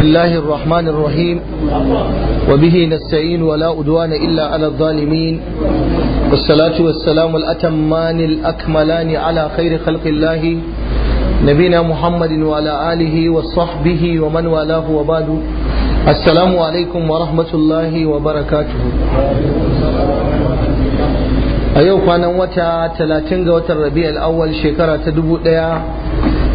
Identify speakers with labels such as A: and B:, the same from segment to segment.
A: بسم الله الرحمن الرحيم وبه نستعين ولا أدوان إلا على الظالمين والصلاة والسلام الأتمان الأكملان على خير خلق الله نبينا محمد وعلى آله وصحبه ومن والاه وبعد السلام عليكم ورحمة الله وبركاته أيوة أنا وتا 30 وتر ربيع الأول شكرا تدبو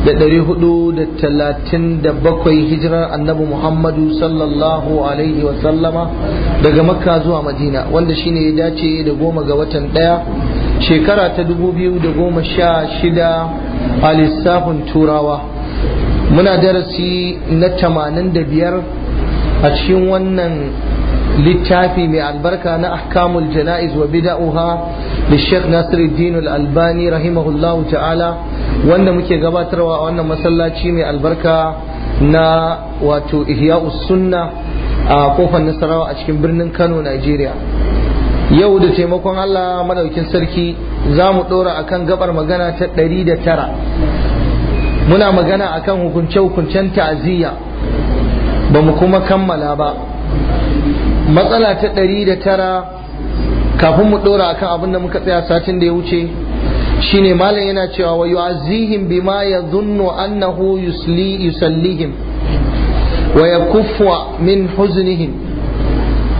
A: da ɗari hudu da talatin da bakwai hijirar annabi muhammadu sallallahu alaihi wasallama daga makka zuwa madina wanda shine ya dace da goma ga watan ɗaya shekara ta dubu biyu da goma sha shida a lissafin turawa muna darasi na tamanin da biyar a cikin wannan littafi mai albarka na ahkamul jana'iz wa bida'uha da Sheikh nasir Al-Albani rahimahullahu ta'ala wanda muke gabatarwa a wannan masallaci mai albarka na wato Ihya'us Sunna a kofar Nasarawa a cikin birnin Kano Nigeria yau da taimakon Allah madaukin sarki za mu ɗora akan gabar magana ta ɗari da tara muna magana akan hukunce-hukuncen ta'aziyya ba mu kuma kammala ba matsala ta ɗari da tara kafin mu ɗora akan abin da muka tsaya satin da ya wuce shine malam yana cewa wa yu'azzihim bima yadhunnu annahu yusli yusallihim wa yakuffu min huznihim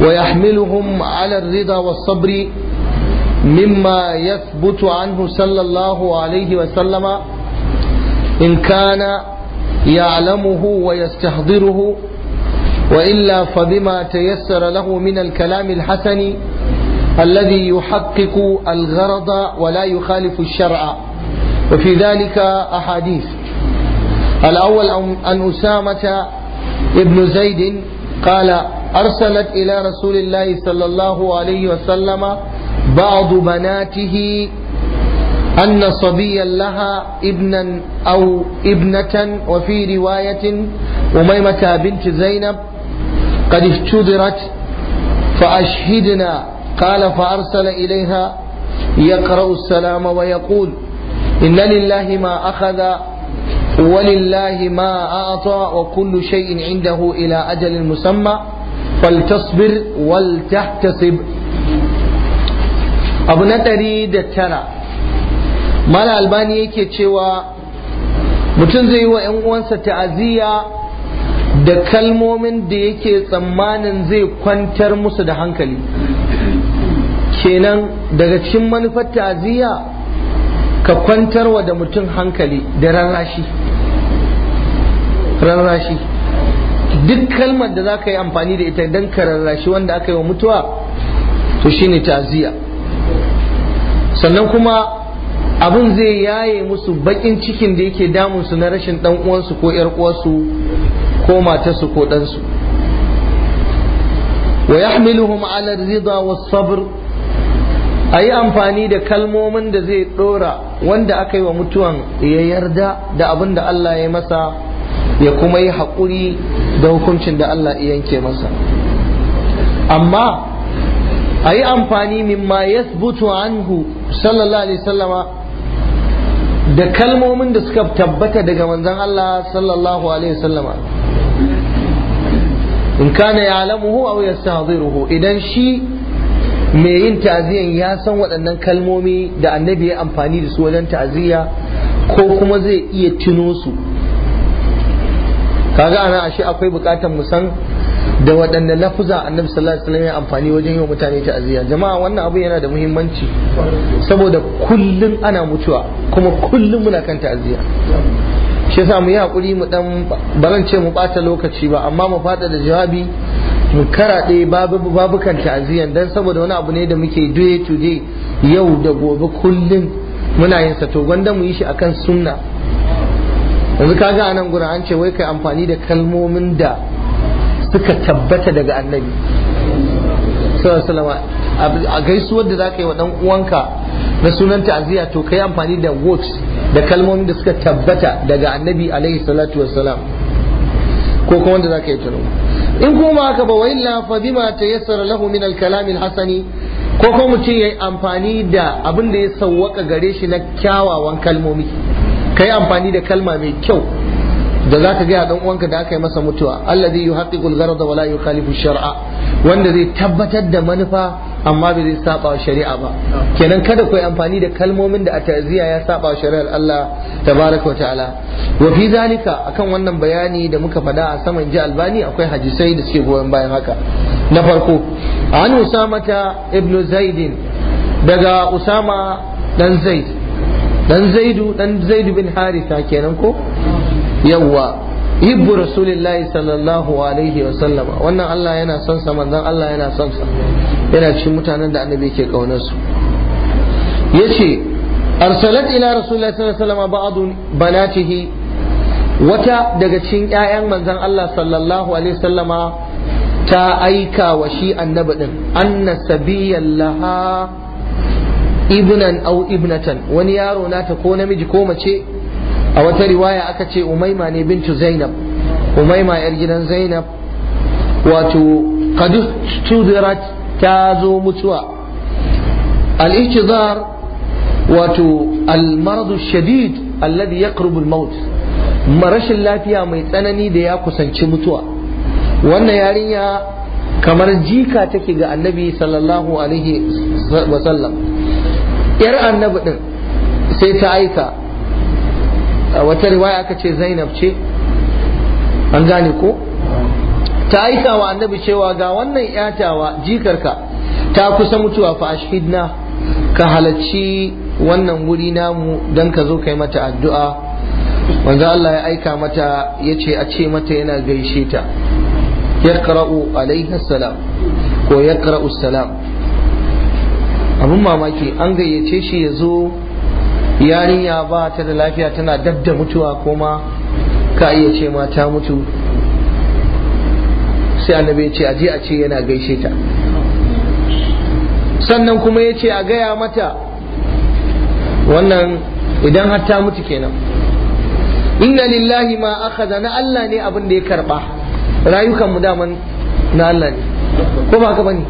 A: wa yahmiluhum ala ar-ridha was-sabr مما يثبت anhu صلى الله عليه وسلم إن كان يعلمه ويستحضره وإلا فبما تيسر له من الكلام الحسن الذي يحقق الغرض ولا يخالف الشرع وفي ذلك أحاديث الأول أن أسامة ابن زيد قال أرسلت إلى رسول الله صلى الله عليه وسلم بعض بناته أن صبيا لها ابنا أو ابنة وفي رواية أميمة بنت زينب قد افتدرت فأشهدنا قال فأرسل إليها يقرأ السلام ويقول إن لله ما أخذ ولله ما أعطى وكل شيء عنده إلى أجل مسمى فلتصبر ولتحتسب abu na ɗari da tara mala albani yake cewa mutum zai yi wa 'yan uwansa ta'aziyya da kalmomin da yake tsammanin zai kwantar musu da hankali kenan daga cikin manufar taziya ka kwantarwa da mutum hankali da rarrashi rarrashi duk kalmar da za ka yi amfani da ita don ka rarrashi wanda aka yi wa mutuwa to shine taziya sannan kuma abin zai yaye musu bakin cikin da yake damunsu na rashin ɗan uwansu ko 'yar uwarsu ko matarsu ko ɗansu wa yahmiluhum ala rida was sabr ayi amfani da kalmomin da zai ɗora wanda aka yi wa mutuwan ya yarda da abin da Allah ya masa ya kuma yi haƙuri da hukuncin da Allah ya yanke masa amma ayi amfani mimma yasbutu anhu sallallahu alaihi sallama
B: da kalmomin
A: da suka tabbata daga manzon Allah sallallahu alaihi sallama in kana ya'lamuhu aw ruhu idan shi mai yin ta'aziyan ya san waɗannan kalmomi da annabi ya amfani da su wajen ta'aziyya ko kuma zai iya tuno su kaga ana ashe akwai bukatar musan san da waɗanne lafuza annabi sallallahu alaihi wasallam ya amfani wajen yi wa mutane ta'aziyya jama'a wannan abu yana da muhimmanci saboda kullun ana mutuwa kuma kullun muna kan ta'aziyya shi yasa mu yi hakuri mu dan baran ce mu bata lokaci ba amma mu fada da jawabi mu karaɗe babukan ta'aziyan dan saboda wani abu ne da muke day to day yau da gobe kullum muna yin sa to gwanda mu yi shi akan sunna yanzu kaga a nan gurin an ce wai kai amfani da kalmomin da suka tabbata daga annabi a gaisuwar da za ka yi wa ɗan uwanka na sunan ta'aziyya to kai amfani da words da kalmomin da suka tabbata daga annabi alaihi salatu wassalam ko kuma wanda zaka yi tuno in kuma haka ba wa illa fa bima tayassara lahu min al-kalam al-hasani ko kuma mutum yayi amfani da abin da ya sawwaka gare shi na kyawawan kalmomi kai amfani da kalma mai kyau da zaka ga dan uwanka da aka yi masa mutuwa alladhi yuhaqqiqul gharada wa la yukhalifu shar'a wanda zai tabbatar da manufa amma bai zai saba shari'a ba kenan kada ku yi amfani da kalmomin da a ta'ziya ya saba shari'ar Allah tabaraka wa ta'ala wa fi zalika akan wannan bayani da muka fada a saman ji albani akwai hadisai da suke goyon bayan haka na farko an ta ibnu zaidin daga usama dan zaid dan zaidu dan zaid bin harisa kenan ko yawwa Ibu rasulillahi sallallahu alaihi wa sallama wannan Allah yana son sa manzon Allah yana son sa yana cikin mutanen da annabi ke kaunar su yace arsalat ila rasulullahi sallallahu alaihi wasallam ba'd banatihi wata daga cikin ƴaƴan manzon Allah sallallahu alaihi wasallama ta aika wa shi annabi din anna sabiyan laha ibnan aw ibnatan wani yaro nata ko namiji ko mace a wata riwaya aka ce umaima ne bintu zainab umaima yar gidan zainab wato qad tudirat ta zo mutuwa al-ihtizar wato al maradu shadid alladhi yaqrubu al-maut marashin lafiya mai tsanani da ya kusanci mutuwa wannan yarinya kamar jika take ga annabi sallallahu alaihi wasallam yar annabi din sai ta aika wata riwaya aka ce zainab ce an gane ko ta aika wa annabi cewa ga wannan yatawa jikarka ta kusa mutuwa fa ashhidna ka halarci wannan wuri namu don ka zo kai mata addu'a wanda Allah ya aika mata ya ce a ce mata yana gaishe ta yaqra'u alaihi salam ko yaqra'u salam abun mamaki an gayyace shi ya zo yarinya ba ta da lafiya tana dab da mutuwa koma ka iya ce ma ta mutu sai annabi ya ce a je a ce yana gaishe ta sannan kuma ya ce a gaya mata wannan idan har ta mutu kenan inna lillahi ma akhadha na Allah ne abin da ya karba rayukan mu daman na Allah ne ko ba ka bane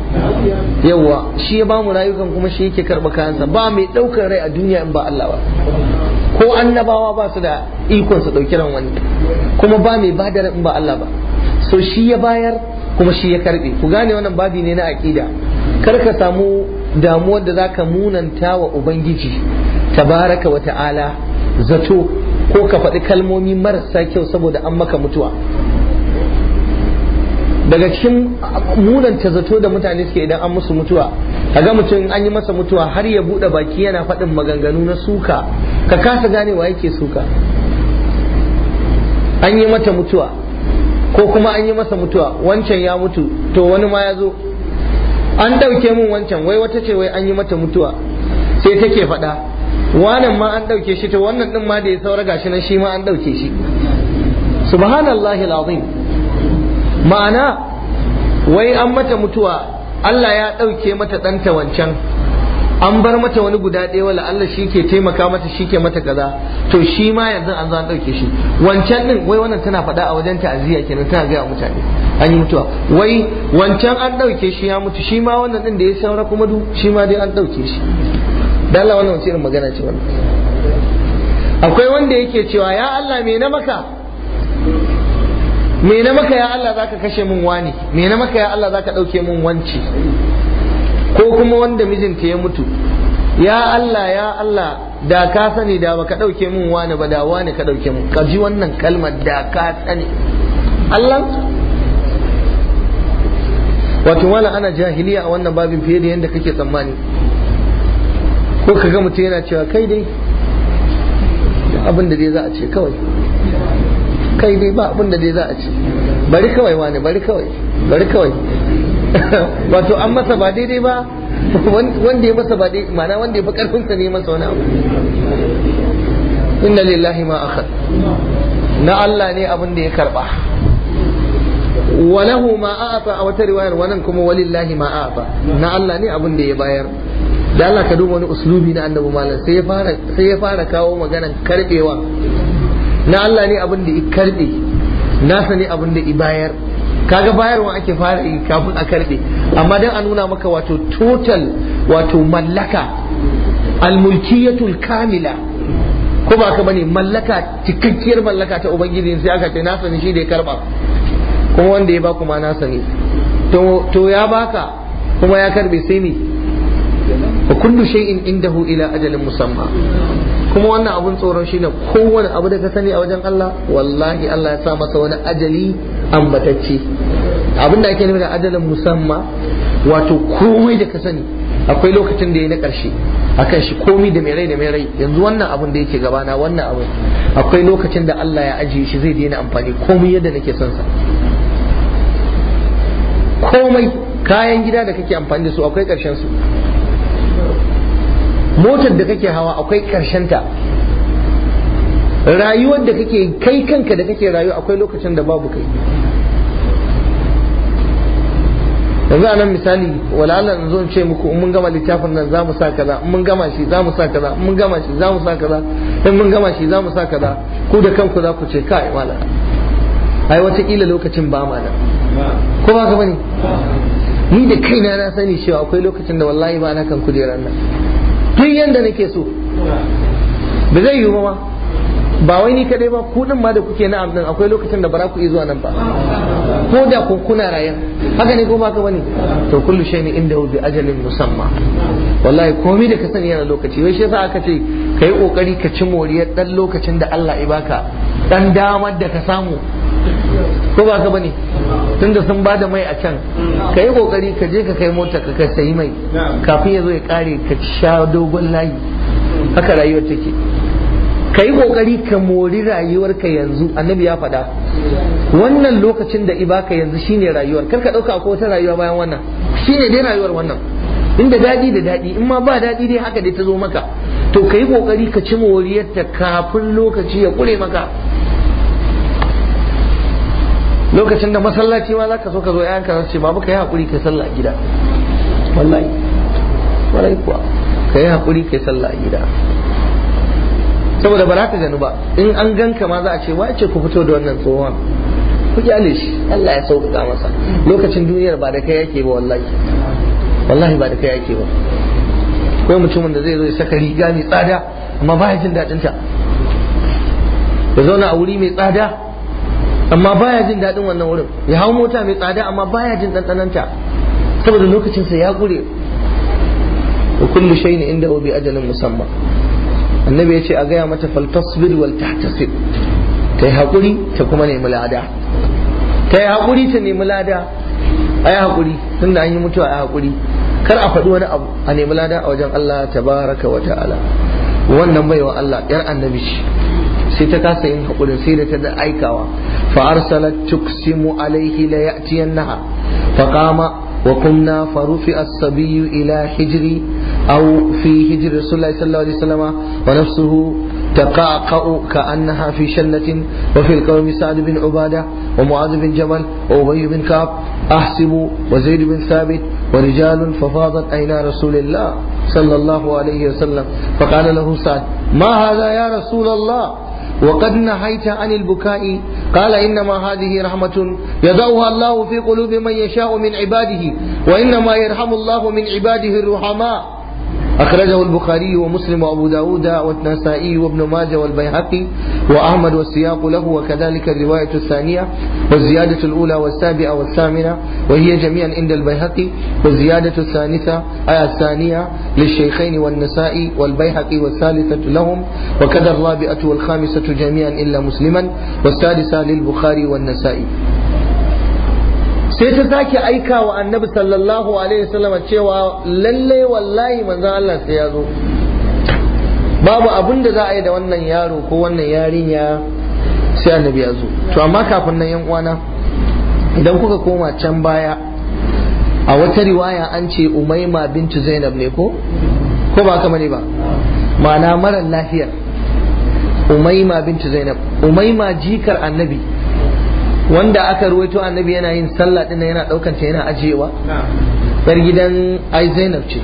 A: yawa shi ya bamu rayukan kuma shi yake karba kayansa ba mai daukar rai a duniya in ba Allah ba ko annabawa ba su da ikon su dauki ran wani kuma ba mai bada in ba Allah ba so shi ya bayar kuma shi ya karbe ku gane wannan babi ne na aƙida kar ka samu damuwar da zaka munanta wa ubangiji tabaraka wa ta'ala zato ko ka faɗi kalmomi marasa kyau saboda an maka mutuwa daga cikin munanta zato da mutane suke idan an musu mutuwa kaga mutum an yi masa mutuwa har ya buɗe baki yana faɗin maganganu na suka ka kasa ganewa yake suka an yi mata mutuwa ko kuma an yi masa mutuwa wancan ya mutu to wani ma ya zo an ɗauke mun wancan wai wata ce wai an yi mata mutuwa sai take faɗa wannan ma an ɗauke shi to wannan ɗin ma da ya saura gashi nan shi ma an ɗauke shi subhanallahi alazim ma'ana wai an mata mutuwa Allah ya ɗauke mata ɗanta wancan an bar mata wani guda ɗaya wala Allah shi ke taimaka mata shi ke mata kaza to shi ma yanzu an zo an ɗauke shi wancan ɗin wai wannan tana faɗa a wajen ta'aziyya kenan tana gaya mutane an yi mutuwa wai wancan an ɗauke shi ya mutu shi ma wannan ɗin da ya saura kuma du shi ma dai an ɗauke shi da Allah wannan wace irin magana ce wannan akwai wanda yake cewa ya Allah me na maka me na maka ya Allah zaka kashe min wani me na maka ya Allah zaka ɗauke min wanci ko kuma wanda mijinta ya mutu ya Allah ya Allah da ka sani da baka ɗauke min wani ba da wani ka ɗauke mu ka ji wannan kalmar da ka sani Allah wato wala ana jahiliya a wannan babin fiye da yadda kake tsammani ko ka ga mutum yana cewa kai dai abin da dai za a ce kawai kai dai ba abin da dai za a ce bari kawai wani bari kawai bari kawai wato an masa ba daidai ba wanda ya masa ba daidai mana wanda ya fi karfin sa ne masa wani abu inna lillahi ma akhad na Allah ne abin da ya karba walahu ma a'ata a wata riwayar wannan kuma walillahi ma a'ata na Allah ne abin da ya bayar da Allah ka duba wani uslubi na annabi malam sai ya fara sai ya fara kawo maganar karbewa na Allah ne abin da ya karbe nasa ne abin da ya bayar kaga bayarwa ake fara yi kafin a karbe amma dan a nuna maka wato total wato mallaka almulkiyatul kamila ko ba ka bane mallaka cikakkiyar mallaka ta ubangiji sai aka ce na sani shi da ya karba kuma wanda ya baku ma na sani to ya baka kuma ya karbe sai ne wa kullu shay'in indahu ila ajalin musamma kuma wannan abun tsoron shine kowane abu da ka sani a wajen Allah wallahi Allah ya sa masa wani ajali ambatacce abinda ake nufi da adalin musamman
B: wato komai da
A: ka sani akwai lokacin da ya na a akan shi komai da mai rai da mai rai yanzu wannan abin da yake gabana wannan abin akwai lokacin da Allah ya ajiye shi zai daina amfani komai yadda nake son sa komai kayan gida da kake amfani da su akwai karshen su motar da kake hawa akwai karshen ta rayuwar da kake kai kanka da kake rayu akwai lokacin da babu kai yanzu anan misali walala in zo ce muku mun gama littafin nan za mu sa kaza mun gama shi za mu sa kaza mun gama shi za mu sa kaza in mun gama shi za mu sa kaza ku da kanku za ku ce kai mala ai wata kila lokacin ba ma da. ko ba ka bane ni da kaina na sani cewa akwai lokacin da wallahi ba na kan kujerar nan duk yanda nake so ba zai yiwu ba ma ba wai ni kadai ba ku din ma da kuke na abdan akwai lokacin da ba za ku iya zuwa nan ba ko da ku kuna rayan haka ne ko ba ka bane to kullu shay'in inda bi ajalin musamma wallahi komai da ka sani yana lokaci wai shi yasa aka ce kai kokari ka ci moriyar dan lokacin da Allah ya baka dan damar da ka samu ko ba ka bane tunda sun ba da mai a can ka kokari ka je ka kai mota ka kai sayi mai kafin ya zo ya kare ka sha dogon layi haka rayuwar take ka yi kokari ka mori rayuwarka yanzu annabi ya faɗa wannan lokacin da ibaka yanzu shine rayuwar kar ka ɗauka ko wata rayuwa bayan wannan shine dai rayuwar wannan inda daɗi da daɗi in ma ba daɗi dai haka dai ta zo maka to ka yi kokari ka ci moriyarta kafin lokaci ya kure maka lokacin da masallaci ma za ka so ka zo yayanka za su ce babu ka yi haƙuri ka sallah a gida wallahi wallahi kuwa ka yi haƙuri ka sallah a gida saboda ba za ka gani ba in an ganka ma za a ce ce ku fito da wannan tsohon ku kyale shi Allah ya sauƙaƙa masa lokacin duniyar ba da kai yake ba wallahi wallahi ba da kai yake ba akwai mutumin da zai zo ya saka riga mai tsada amma ba ya jin daɗin ta ya zauna a wuri mai tsada amma ba ya jin daɗin wannan wurin ya hau mota mai tsada amma ba ya jin ta saboda lokacinsa ya gure wa kullu shay'in inda bi ajalin musamman annabi ya ce a gaya mata faltasbir wal tahtasib ta yi haƙuri ta kuma nemi lada ta yi haƙuri ta nemi lada a yi haƙuri tun da an yi mutuwa a yi haƙuri kar a faɗi wani abu a nemi lada a wajen Allah baraka wa ta'ala wannan baiwa Allah yar annabi shi. sai ta kasa yin haƙurin sai da ta da aikawa fa arsalat tuksimu alaihi la ya'tiyannaha fa qama wa kunna fa rufi as-sabiyyu ila hijri أو في هجر رسول الله صلى الله عليه وسلم ونفسه تقعقع كأنها في شلة وفي القوم سعد بن عبادة ومعاذ بن جبل وأبي بن كعب أحسب وزيد بن ثابت ورجال ففاضت أين رسول الله صلى الله عليه وسلم فقال له سعد ما هذا يا رسول الله وقد نهيت عن البكاء قال إنما هذه رحمة يضعها الله في قلوب من يشاء من عباده وإنما يرحم الله من عباده الرحماء أخرجه البخاري ومسلم وأبو داود والنسائي وابن ماجه والبيهقي وأحمد والسياق له وكذلك الرواية الثانية والزيادة الأولى والسابعة والثامنة وهي جميعا عند البيهقي والزيادة الثالثة آية الثانية للشيخين والنسائي والبيهقي والثالثة لهم وكذا الرابعة والخامسة جميعا إلا مسلما والسادسة للبخاري والنسائي sai ta sake aika wa annabi sallallahu alaihi wasallam cewa lalle wallahi manzon Allah sai ya zo babu abin da za a yi da wannan yaro ko wannan yarinya sai annabi ya zo to amma kafin nan yan uwana idan kuka koma can baya a wata riwaya an ce umaima bintu zainab ne ko ko ba kama ne ba ma'ana mara lafiyar umaima bintu zainab umaima jikar annabi wanda aka ruwaito annabi yana yin sallah din yana daukanta yana ajiyewa yar gidan ai Zainab ce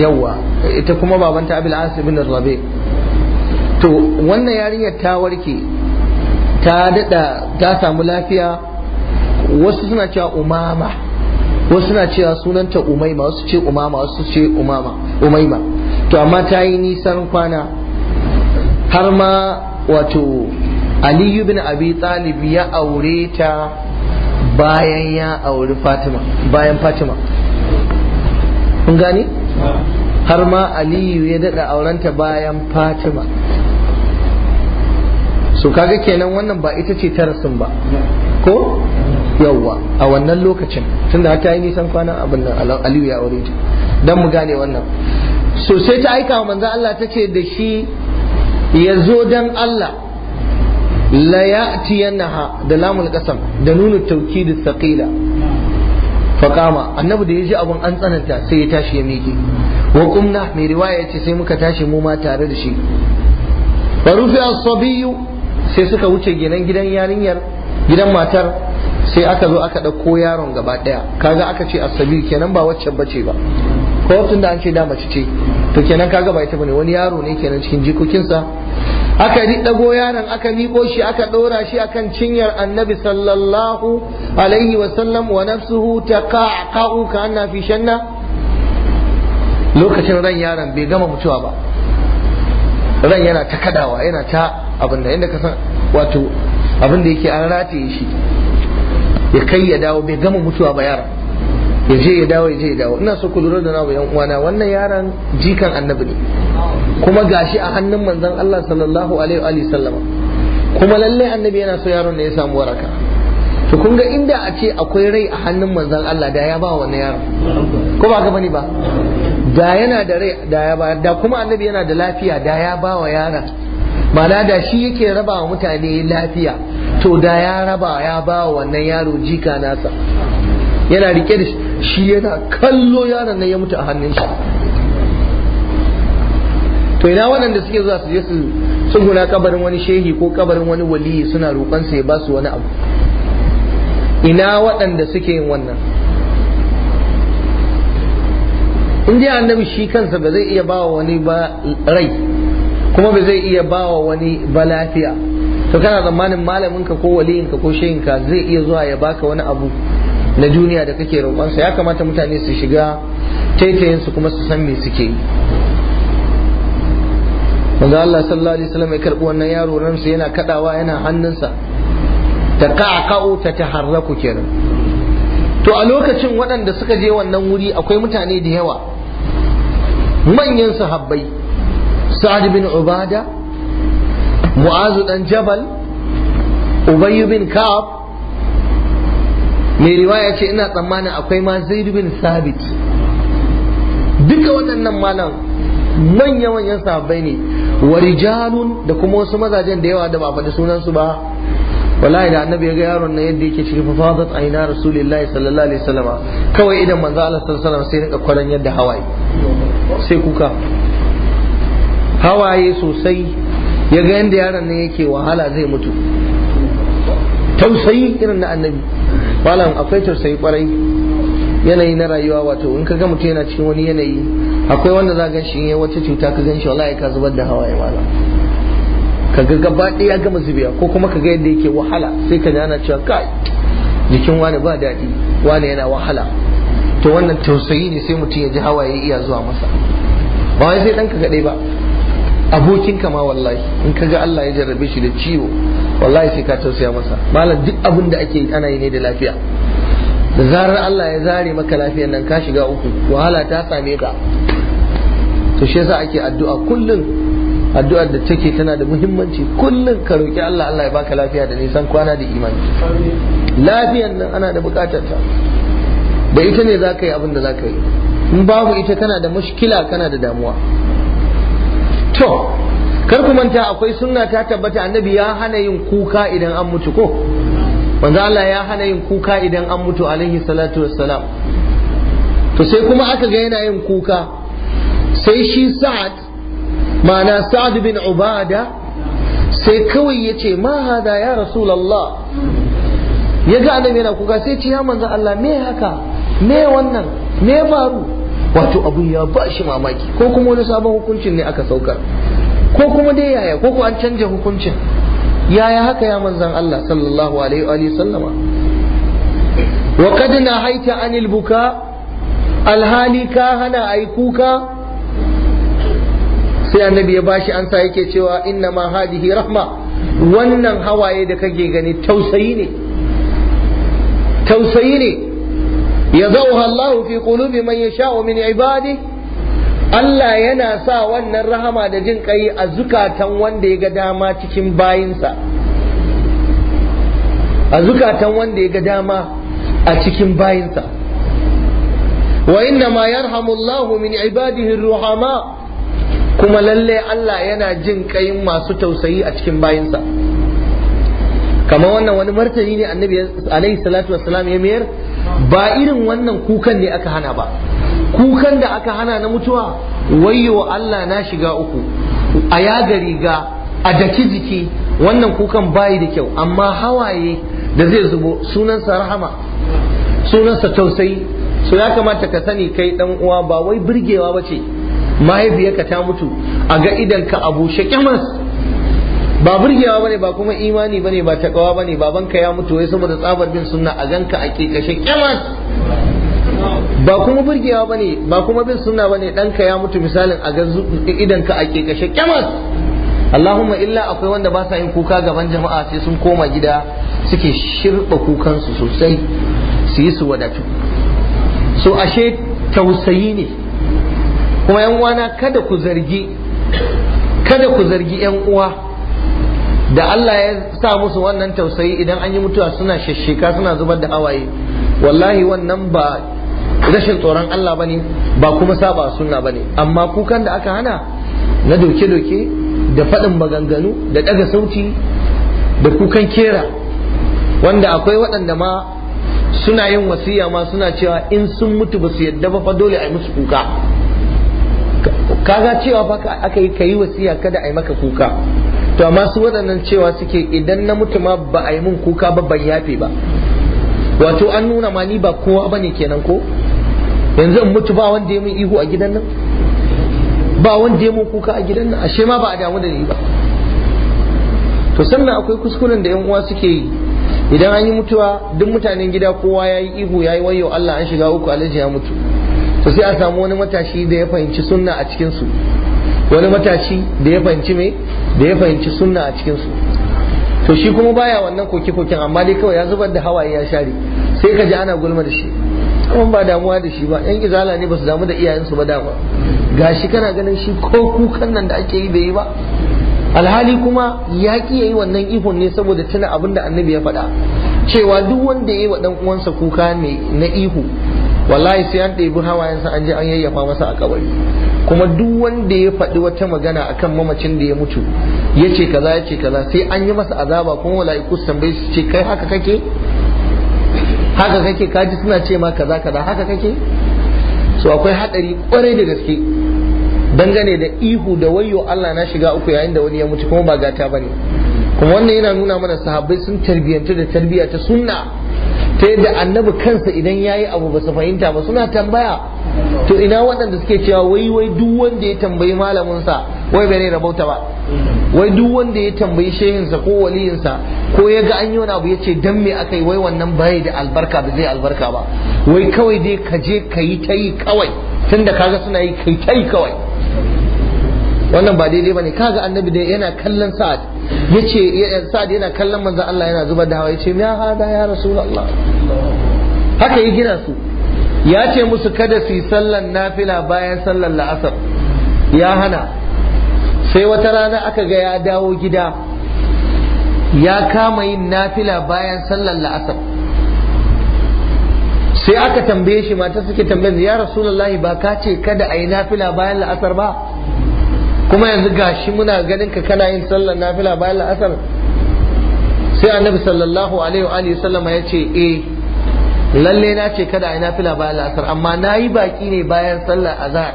A: yawa ita kuma babanta Abil As ibn Rabi to wannan yarinyar ta warke ta dada ta samu lafiya wasu suna cewa umama wasu suna cewa sunanta umaima wasu ce umama wasu ce umama umaima to amma ta yi nisan kwana har ma wato Ali ibn Abi Talib ya aure ta bayan ya auri Fatima bayan Fatima kun gane har ma Aliyu ya daɗa aurenta bayan Fatima so kaga kenan wannan ba ita ce tarasin ba ko yawwa a wannan lokacin tunda ta yi nisan kwana abin da Aliyu ya aure ta dan mu gane wannan so sai ta aika wa manzon Allah ta ce da shi ya zo dan Allah la ya'tiyannaha da lamul qasam da nunu tawkid thaqila faqama annabi da yaji abun an tsananta sai ya tashi ya miƙe wa qumna mai riwaya yace sai muka tashi mu ma tare da shi fa rufi as-sabiyyu sai suka wuce gidan gidan yarinyar gidan matar sai aka zo aka dauko yaron gaba ɗaya kaga aka ce as-sabiyyu kenan ba wacce bace ba ko tun da an ce da mace ce to kenan kaga ba ita bane wani yaro ne kenan cikin jikokinsa aka ɗago yaron aka miƙo shi aka ɗora shi akan cinyar annabi sallallahu alaihi wasallam wa nafsuhu ta ka'u ka anna fi shanna lokacin ran yaron bai gama mutuwa ba ran yana ta kadawa yana ta abin da inda ka san wato abin da yake an rataye shi ya kai ya dawo bai gama mutuwa ba yaron ya je ya dawo ya je ya dawo ina so ku lura da nawa yan uwana wannan yaron jikan annabi ne kuma gashi a hannun manzon Allah sallallahu alaihi wa sallama kuma lalle annabi yana so yaron ne ya samu waraka to kun ga inda a ce akwai rai a hannun manzon Allah da ya ba wannan yaron ko ba ga bani ba da yana da rai da ya ba da kuma annabi yana da lafiya da ya ba wa yaron
B: mana da shi
A: yake raba wa mutane lafiya to da ya raba ya ba wa wannan yaro jika nasa yana rike da shi shi yana kallo yaron na ya mutu a hannun shi to ina waɗanda suke zuwa su je su tsuguna kabarin wani shehi ko kabarin wani waliyi suna roƙon ya ba su wani abu ina waɗanda suke yin wannan in dai annabi shi kansa ba zai iya ba wa wani ba rai kuma ba zai iya ba wa wani ba lafiya to kana tsammanin malaminka ko waliyinka ko shehinka zai iya zuwa ya baka wani abu na duniya da kake roƙonsa ya kamata mutane su shiga taitayinsu kuma su san me suke yi wanda Allah sallallahu alaihi wasallam ya karbi wannan yaro sa yana kadawa yana hannunsa ta ka'aqa'u ta taharraku kenan to a lokacin waɗanda suka je wannan wuri akwai mutane da yawa manyan sahabbai Sa'ad bin Ubada Mu'azu dan Jabal Ubay bin Ka'ab mai riwaya ce ina tsammanin akwai ma zaid bin sabit duka waɗannan malam manyan manyan sahabbai ne wa rijalun da kuma wasu mazajen da yawa da ba faɗi sunansu ba wallahi da annabi ya ga yaron nan yadda yake cikin fafadat aina rasulullahi sallallahu alaihi wasallam kawai idan manzo Allah sallallahu alaihi wasallam sai rika kwaran yadda hawaye sai kuka hawaye sosai ya ga yadda yaron nan yake wahala zai mutu tausayi irin na annabi malam akwai tausayi kwarai yanayi na rayuwa wato in ka ga mutum yana cikin wani yanayi akwai wanda za gan shi wata cuta ka gan shi wallahi ka zubar da hawaye malam ka ga gaba ɗaya gama zubiya ko kuma ka ga yadda yake wahala sai ka gana cewa kai jikin wani ba daɗi wani yana wahala to wannan tausayi ne sai mutum ya ji hawaye iya zuwa masa ba wai sai ɗan ka kaɗai ba abokin ma wallahi in ka ga Allah ya jarrabe shi da ciwo wallahi sai ka tausaya masa malam duk abin da ake ana yi ne da lafiya da zarar Allah ya zare maka lafiyar nan ka shiga uku wahala ta same ka to shi yasa ake addu'a kullum addu'ar da take tana da muhimmanci kullun ka roki Allah Allah ya baka lafiya da nisan kwana da imani lafiyar nan ana da bukatar ta da ita ne za ka yi abin da za yi in babu ita kana da mushkila kana da damuwa to kar ku manta akwai sunna ta tabbata annabi ya hana yin kuka idan an mutu ko manzo Allah ya hana yin kuka idan an mutu alaihi salatu wassalam to sai kuma aka ga yana yin kuka sai shi sa'ad ma'ana sa'ad bin ubada sai kawai ya ce ma hada ya rasulullah ya ga annabi yana kuka sai ce ya manzo Allah me haka
B: me wannan
A: me faru wato abun ya ba shi mamaki ko kuma wani sabon hukuncin ne aka saukar ko kuma dai yaya ko ko an canja hukuncin yaya haka ya manzan Allah sallallahu alaihi wa sallama wa qad nahaita anil buka alhali ka hana ai kuka sai annabi ya bashi ansa yake cewa inna ma hadihi rahma wannan hawaye da kake gani tausayi ne
B: tausayi ne
A: yadawha Allah fi qulubi man yasha'u min ibadi Allah yana sa wannan rahama da jin kai a zukatan wanda ya ga dama cikin bayinsa a zukatan wanda ya ga dama a cikin bayinsa wa inna ma yarhamu Allah min ibadihi ruhama kuma lalle Allah yana jin kayin masu tausayi a cikin bayinsa kamar wannan wani martani ne annabi alaihi salatu wassalam ya mayar ba irin wannan kukan ne aka hana ba kukan da aka hana na mutuwa wayyo Allah na shiga uku a yaga riga a daki jiki wannan kukan bayi da kyau amma hawaye da zai zubo sunansa rahama sunansa tausayi so ya kamata ka sani kai dan uwa ba wai birgewa bace mahaifiyarka ta mutu a ga idan ka abu shekemas ba burgewa bane ba kuma imani bane ba takawa bane babanka ya mutu wai saboda tsabar bin sunna a ganka a kekashe kyamas ba kuma burgewa bane ba kuma bin sunna bane ka ya mutu misalin a gan idanka a kekashe kyamas Allahumma illa akwai wanda ba sa yin kuka gaban jama'a sai sun koma gida suke shirba kukansu sosai su yi su wadatu so ashe tausayi ne kuma yan uwana kada ku zargi kada ku zargi yan uwa da Allah ya sa musu wannan tausayi idan an yi mutuwa suna shashika suna zubar da hawaye wallahi wannan ba rashin tsoron Allah ba ne ba kuma saba ba ne. amma kukan da aka hana na doke-doke da faɗin maganganu da ɗaga sauti da kukan kera wanda akwai waɗanda ma suna yin wasiya ma suna cewa in sun mutu ba su yadda ba fa dole a yi musu kuka kaga cewa fa aka yi kayi wasiya kada a yi maka kuka to amma su waɗannan cewa suke idan na mutu ma ba a yi mun kuka ba ban yafe ba wato an nuna ma ni ba kowa ba ne kenan ko yanzu in mutu ba wanda ya mun ihu a gidan nan ba wanda ya mun kuka a gidan nan ashe ma ba a damu da ni ba to sannan akwai kuskuren da yan uwa suke yi idan an yi mutuwa duk mutanen gida kowa ya yi ihu ya yi wayo Allah an shiga uku alaji ya mutu to sai a samu wani matashi da ya fahimci sunna a cikinsu wani matashi da ya fahimci me da ya fahimci sunna a cikin su to shi kuma baya wannan koke koken amma dai kawai ya zubar da hawaye ya share sai ka ji ana gulma da shi kuma ba damuwa da shi ba yan izala ne ba su damu da iyayensu ba dama shi kana ganin shi ko kukan nan da ake yi bai yi ba alhali kuma ya ki yi wannan ihun ne saboda tuna abin da annabi ya faɗa cewa duk wanda ya yi wa dan uwansa kuka ne na ihu wallahi sai an ɗebi hawayensa an je an yayyafa masa a kabari kuma duk wanda ya faɗi wata magana akan mamacin da ya mutu ya ce kaza ya ce kaza sai an yi masa azaba kuma wala su tambaye su ce kai haka kake haka kake kaji suna ce ma kaza kaza haka kake so akwai hadari kwarai da gaske dangane da ihu da wayo Allah na shiga uku yayin da wani ya mutu kuma ba gata ba ne. kuma wannan yana nuna mana sahabbai sun tarbiyyanta da tarbiyya ta sunna ta yadda annabi kansa idan yayi abu ba su fahimta ba suna tambaya to ina waɗanda suke cewa wai wai duk wanda ya tambayi malaminsa wai bai rabauta ba wai duk wanda ya tambayi shehinsa ko waliyinsa ko ya ga an yi wani abu ya ce dan me aka yi wai wannan bai da albarka ba zai albarka ba wai kawai dai ka je ka yi ta yi kawai tunda kaga suna yi kai ta yi kawai wannan ba daidai bane kaga annabi da yana kallon sa'ad yace sa'ad yana kallon manzon Allah yana zubar da hawa yace me hada ya rasulullah haka ya gina su ya ce musu kada su yi sallan nafila bayan sallan la'asar ya hana sai wata rana aka ga ya dawo gida ya kama yin nafila bayan sallan la'asar sai aka tambaye shi mata suke tambaye ya rasulullahi ba ka ce kada a yi nafila bayan la'asar ba kuma yanzu gashi muna ganin ka kana yin sallan nafila bayan la'asar sai annabi sallallahu alaihi wa sallama ya ce eh lalle na ce kada ina nafila bayan la'asar amma na yi baki ne bayan sallar azhar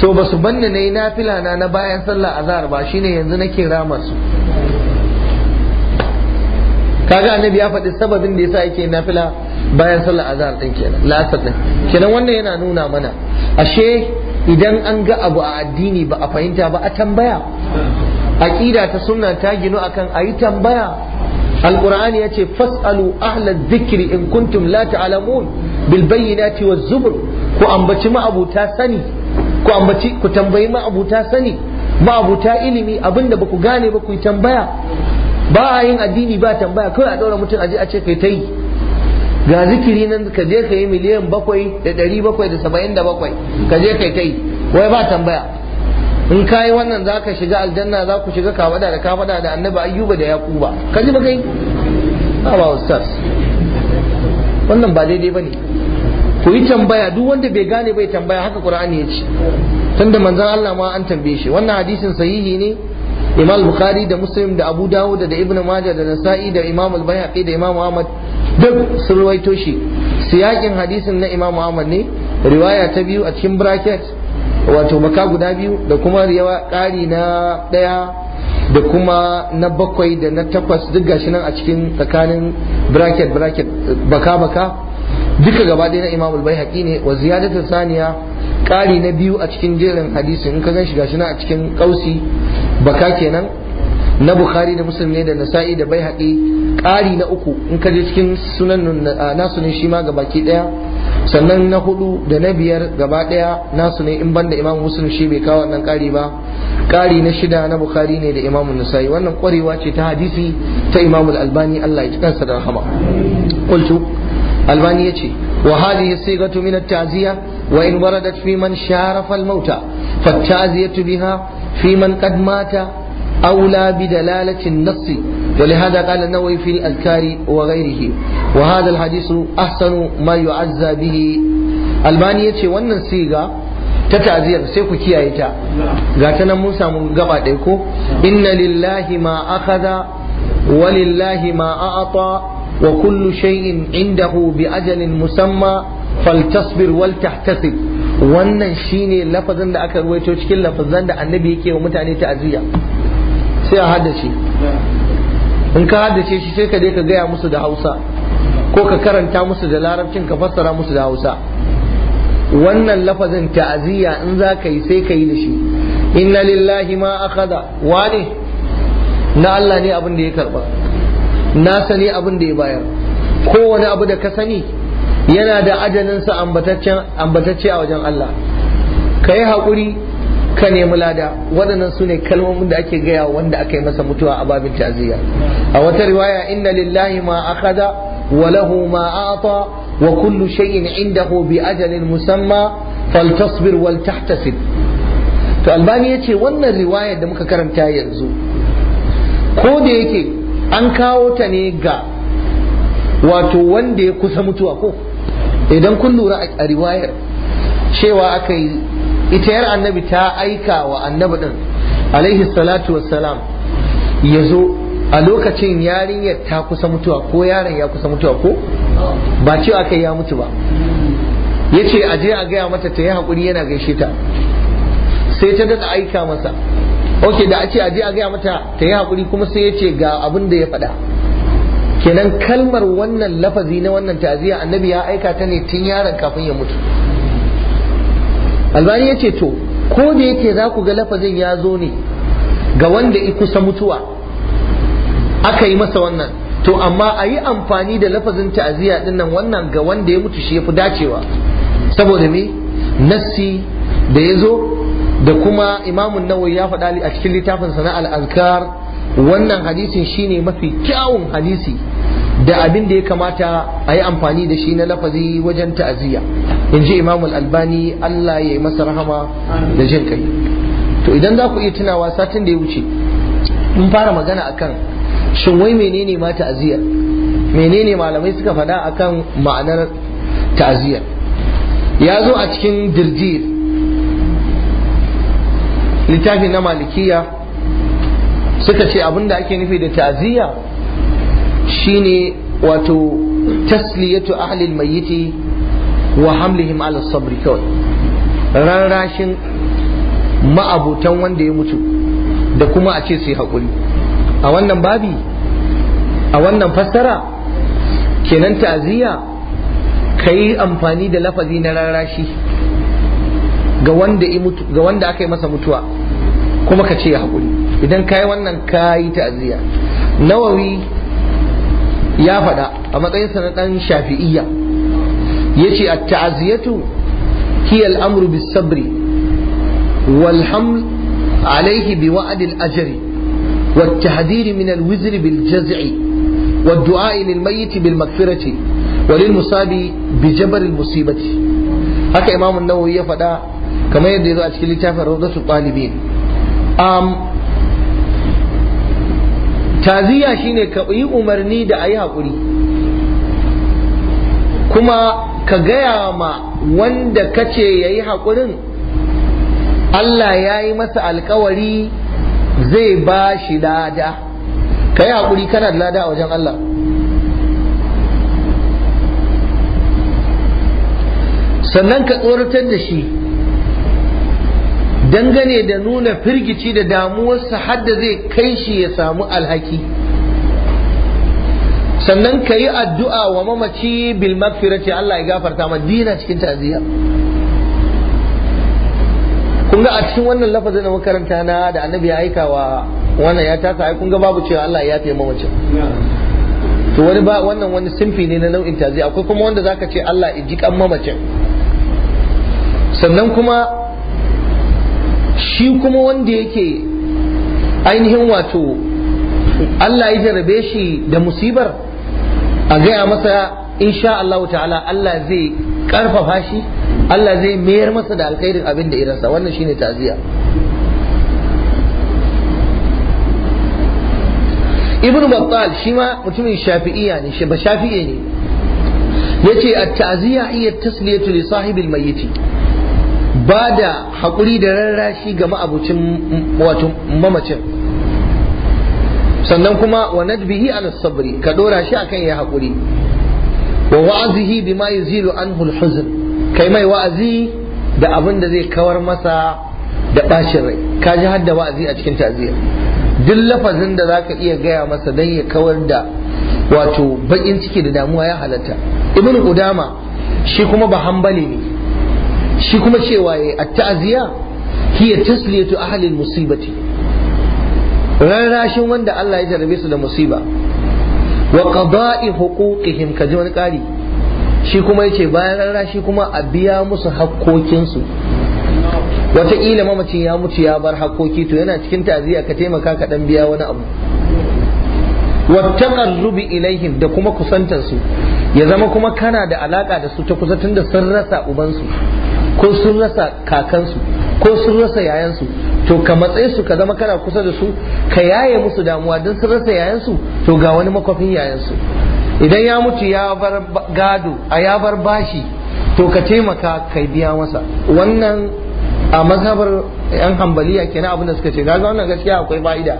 A: so ba su banni na yi nafila na na bayan sallar azhar ba shine yanzu nake rama su kaga annabi ya faɗi sababin da yasa yake nafila bayan sallar azhar din kenan la'asar din kenan wannan yana nuna mana ashe idan an ga abu a addini ba a fahimta ba a tambaya aqida ta sunna ta ginu akan ayi tambaya القرآن يأتي فاسألوا أهل الذكر إن كنتم لا تعلمون بالبينات والزبر وأنبتي ما أبو تاسني Ku كتنبي ما أبو تاسني ما أبو تائلمي أبن بكو غاني بكو تنبيا ba a yin addini ba tambaya kawai a ɗaura mutum aje a ce kai ta ga zikiri nan ka je ka yi miliyan bakwai da ɗari bakwai da saba'in da bakwai ka je kai ta yi wai ba tambaya in kayi wannan za ka shiga aljanna za ku shiga kafada da kafada da annaba ayyuba da yaquba ka ji ba kai ba ba ustaz wannan ba daidai bane ku yi tambaya duk wanda bai gane bai tambaya haka qur'ani ya ce tunda manzon Allah ma an tambaye shi wannan hadisin sahihi ne Imam Bukhari da Muslim da Abu Dawud da ibnu Majah da Nasa'i da Imam al bayhaqi da Imam Ahmad duk sun ruwaito shi siyakin hadisin na Imam Ahmad ne riwaya ta biyu a cikin bracket wato maka guda biyu da kuma yawa ƙari na ɗaya da kuma na bakwai da na takwas duk gashi nan a cikin tsakanin bracket bracket baka baka duka gaba ɗaya na imam al haƙi ne wa ziyadatul saniya ƙari na biyu a cikin jerin hadisi in ka gan shi gashi nan a cikin kausi baka kenan na bukhari da muslim ne da nasa'i da bai haɗi ƙari na uku in ka je cikin sunan nasunin shi ma gabaki ɗaya sannan na hudu da na biyar gaba daya nasu ne in banda imam muslim shi bai kawo wannan kari ba kari na shida na bukhari ne da imam nasa'i wannan kwarewa ce ta hadisi ta imam al-albani Allah ya ji kansa da rahama qultu albani yace wa hadhihi sigatu min at-ta'ziya wa in waradat fi man sharafa al-mauta fa taziyatu biha fi man أولى بدلالة النص ولهذا قال النووي في الأذكار وغيره وهذا الحديث أحسن ما يعزى به wannan والنسيقة ta ta'aziyar sai ku kiyaye ta ga ta nan mun samu gaba ɗaya ko inna lillahi ma akhadha wa lillahi ma a'ata wa kullu shay'in indahu bi ajalin musamma faltasbir wal tahtasib wannan shine lafazin da aka ruwaito cikin lafazin da annabi yake wa mutane ta'aziyya sai a haddace in ka haddace shi sai ka je ka gaya musu da hausa ko ka karanta musu da larabcin ka fassara musu da hausa wannan lafazin ta'aziyya in za ka yi sai ka yi da shi inna lillahi ma akhadha ne? na Allah ne abin da ya karba na sani abin da ya bayar kowane abu da ka sani yana da ajalinsa ambatacce a wajen Allah ka yi haƙuri ka nemi lada waɗannan su ne kalmomin da ake gaya wanda aka yi masa mutuwa a babin taziya a wata riwaya inna lillahi ma akhadha wa lahu ma a'ta wa kullu shay'in indahu bi ajalin musamma faltasbir wal tahtasib to albani yace wannan riwayar da muka karanta yanzu
B: ko da yake
A: an kawo ta ne ga wato wanda ya kusa mutuwa ko idan kun lura a riwayar cewa aka yi ita yar annabi ta aika wa annabi din alaihi salatu wassalam ya zo a lokacin yarinyar ta kusa mutuwa ko yaron ya kusa mutuwa ko ba cewa aka ya mutu ba ya ce a je a gaya mata ta yi haƙuri yana gaishe ta sai ta daɗa aika masa ok da a ce a je a gaya mata ta yi haƙuri kuma sai ya ce ga abin da ya faɗa kenan kalmar wannan lafazi na wannan taziya annabi ya aika ta ne tun yaron kafin ya mutu albani ya ce to ko da yake za ku ga lafazin ya zo ne ga wanda i kusa mutuwa aka yi masa wannan to amma a yi amfani da lafazin ta'aziyya din nan wannan ga wanda ya mutu shi ya fi dacewa saboda me nassi da ya zo da kuma imamun nawawi ya faɗa a cikin littafin sana al-azkar wannan hadisin shine mafi kyawun hadisi da abin da ya kamata a yi amfani da shi na lafazi wajen ta'aziyya in ji imamu albani Allah ya yi masa rahama da jin kai to idan za ku iya tunawa satin da ya wuce in fara magana akan shin wai menene ma ta'aziyya menene malamai suka faɗa akan ma'anar ta'aziyya ya zo a cikin dirjir littafi na malikiya suka ce abin da ake nufi da ta'aziyya shine wato tasliyatu ahli almayyiti wa hamlihim ala sabri kawai rarrashin ma'abutan wanda ya mutu da kuma a ce su yi a wannan babi a wannan fassara kenan ta'aziyya ka amfani da lafazi na rarrashi ga wanda aka yi masa mutuwa kuma ka ce ya haƙuri idan ka wannan ka yi ta'aziyya nawawi ya faɗa a matsayinsa na ɗan shafi'iyya ya ce a ta'aziyatu kiyal Amru bis sabri wal alaihi bi wa'adil ajari ajri wat tahdhir min al wizr bil jaz'i du'a lil mayyit bil maghfirati wa lil musabi bi jabr al musibati haka imam an-nawawi ya faɗa kamar yadda ya zo a cikin littafin rawdatul talibin um, taziya shine ka yi umarni da a yi haƙuri kuma ka gaya ma wanda ka ce ya yi haƙurin Allah ya yi masa alkawari zai ba shi lada ka yi haƙuri kana da lada a wajen Allah sannan ka tsoratar da shi dangane da nuna firgici da damuwarsa hadda zai kai shi ya samu alhaki sannan ka yi addu'a wa mamaci bil magfirati Allah ya gafarta dina cikin ta'aziyya kun ga a cikin wannan lafazin da makaranta na da annabi ya aika wa wannan ya taka ai kun ga babu cewa Allah ya taimaka mamaci to wani ba wannan wani simfi ne na nau'in taziya akwai kuma wanda zaka ce Allah ya ji kan mamacin sannan kuma shi kuma wanda yake ainihin wato Allah ya jarabe shi da musibar a gaya masa insha Allah ta'ala Allah zai karfafa shi Allah zai mayar masa da alkhairin abin da irinsa wannan shine taziya ibn battal shi ma mutumin shafi'iyya ne shi ba shafi'i ne yace at-ta'ziya iyyat tasliyatu li sahibil mayyiti ba da haƙuri da rarrashi ga ma'abucin wato mamacin sannan kuma wa nadbihi ala sabri ka dora shi akan ya haƙuri wa wa'azihi bima yuzilu anhu al-huzn kai mai wa'azi da abin da zai kawar masa da bashin rai ka ji har wa'azi a cikin ta'ziya duk lafazin da za ka iya gaya masa dan ya kawar da wato bakin ciki da damuwa ya halatta ibn qudama shi kuma ba hanbali ne shi kuma cewa ya a taziya hiya tasliyatu ahli al-musibati rarrashin wanda Allah ya jarabe su da musiba wa qada'i huquqihim kaji wani kari shi kuma yace bayan rarrashi kuma a biya musu hakkokinsu wataƙila mamacin ya mutu ya bar hakkoki to yana cikin ta'ziya ka taimaka ka dan biya wani abu wattaqarrubi ilaihim da kuma kusantar su ya zama kuma kana da alaka da su ta kusa tun da sun rasa ubansu ko sun rasa kakansu ko sun rasa yayansu to ka matsayi su ka zama kana kusa da su ka yaye musu damuwa don sun rasa yayansu to ga wani makwafin yayansu idan ya mutu ya bar gado a ya bar bashi to ka taimaka kai biya masa wannan a mazhabar yan hambaliya kenan abin da suka ce gaza wannan gaskiya akwai fa'ida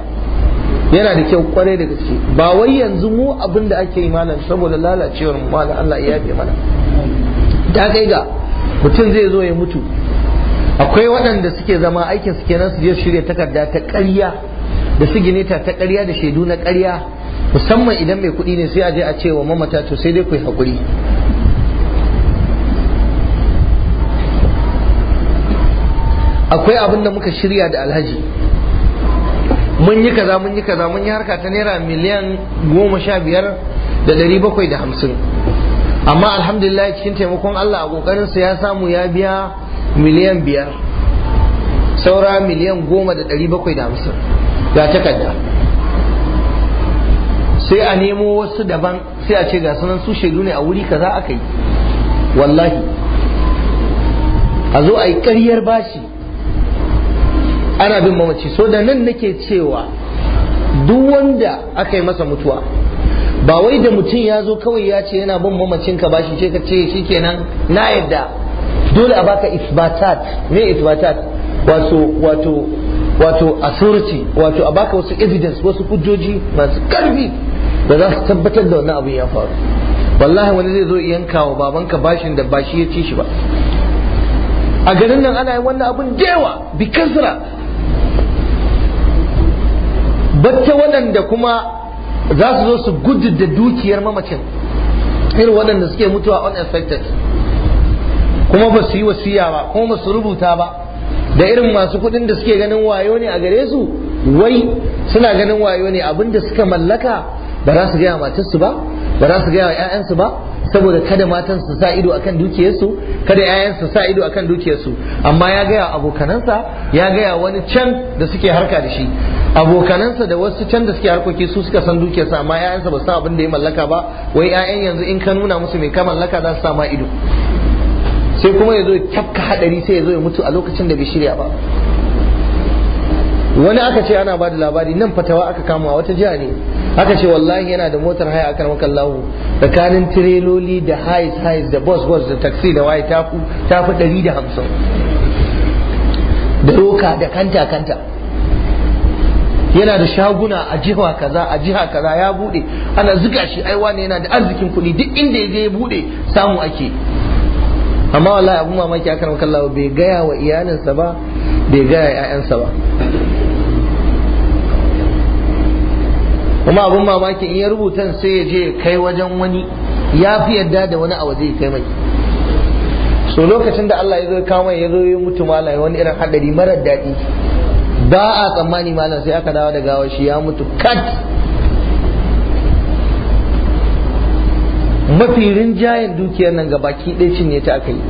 A: yana da kyau kwarai da gaske ba wai yanzu mu abin da ake yi malam saboda lalacewar mu Allah ya yafe mana da kai ga mutum zai zo ya mutu akwai waɗanda suke zama aikin su kenan su je shirya takarda ta ƙarya da su ta ƙarya da shaidu na ƙarya musamman idan mai kuɗi ne sai a je a ce wa mamata to sai dai ku yi haƙuri akwai abin da muka shirya da alhaji mun yi kaza mun yi kaza mun yi harka ta naira miliyan goma sha biyar da ɗari bakwai da hamsin amma alhamdulillah cikin taimakon Allah a kokarin sa ya samu ya biya miliyan biyar saura miliyan goma da ɗari bakwai da hamsin ga takarda sai a nemo wasu daban sai a ce ga sunan su shaidu ne a wuri kaza aka yi wallahi a zo a yi ƙaryar bashi ana bin mamaci so da nan nake cewa duk wanda aka yi masa mutuwa ba wai da mutum ya zo kawai ya ce yana bin mamacin ka bashi ce ka ce shikenan na yadda dole a baka isbatat ne isbatat wato wato wato wato a baka wasu evidence wasu hujjoji masu karfi da za su tabbatar da wannan abin ya faru wallahi wani zai zo yanka wa babanka bashin da bashi ya ci shi ba a garin nan ana yin wannan abin dewa bi kasra batta waɗanda kuma za su zo su gudu da dukiyar mamacin irin waɗanda suke mutuwa unexpected kuma ba su yi wasiya ba kuma ba su rubuta ba da irin masu kuɗin da suke ganin wayo ne a gare su wai suna ganin wayo ne abin da suka mallaka ba za su gaya matarsu ba ba za su gaya wa 'ya'yansu ba saboda kada matan su sa ido akan dukiyarsu kada 'ya'yansu sa ido akan dukiyarsu amma ya gaya abokanansa ya gaya wani can da suke harka da shi abokanansa da wasu can da suke harkoki su suka san sa amma ƴaƴansa ba su san abin da ya mallaka ba wai ƴaƴan yanzu in ka nuna musu mai ka mallaka za su sama ido sai kuma ya zo ya tafka hadari sai ya zo ya mutu a lokacin da bai shirya ba wani aka ce ana bada labari nan fatawa aka kama a wata jiha ne aka ce wallahi yana da motar haya akan makallahu tsakanin tireloli da hais hais da bus bus da taxi da waye ta fi da hamsin da roka da kanta kanta yana da shaguna a jiha kaza a jiha kaza ya bude ana zuga shi ai wane yana da arzikin kuɗi duk inda ya je ya bude samu ake amma wallahi abun mamaki akan kallawa bai gaya wa iyalinsa ba bai gaya ƴaƴansa ba kuma abun mamaki in ya rubuta sai ya je kai wajen wani ya fi yadda da wani a waje ya kai mai so lokacin da Allah ya zo kawo mai ya zo ya mutu malai wani irin hadari marar daɗi ba a tsammani malam sai aka dawo da gawar shi ya mutu kat mafi rinjayen dukiyar nan baki ɗaya cinye ta aka yi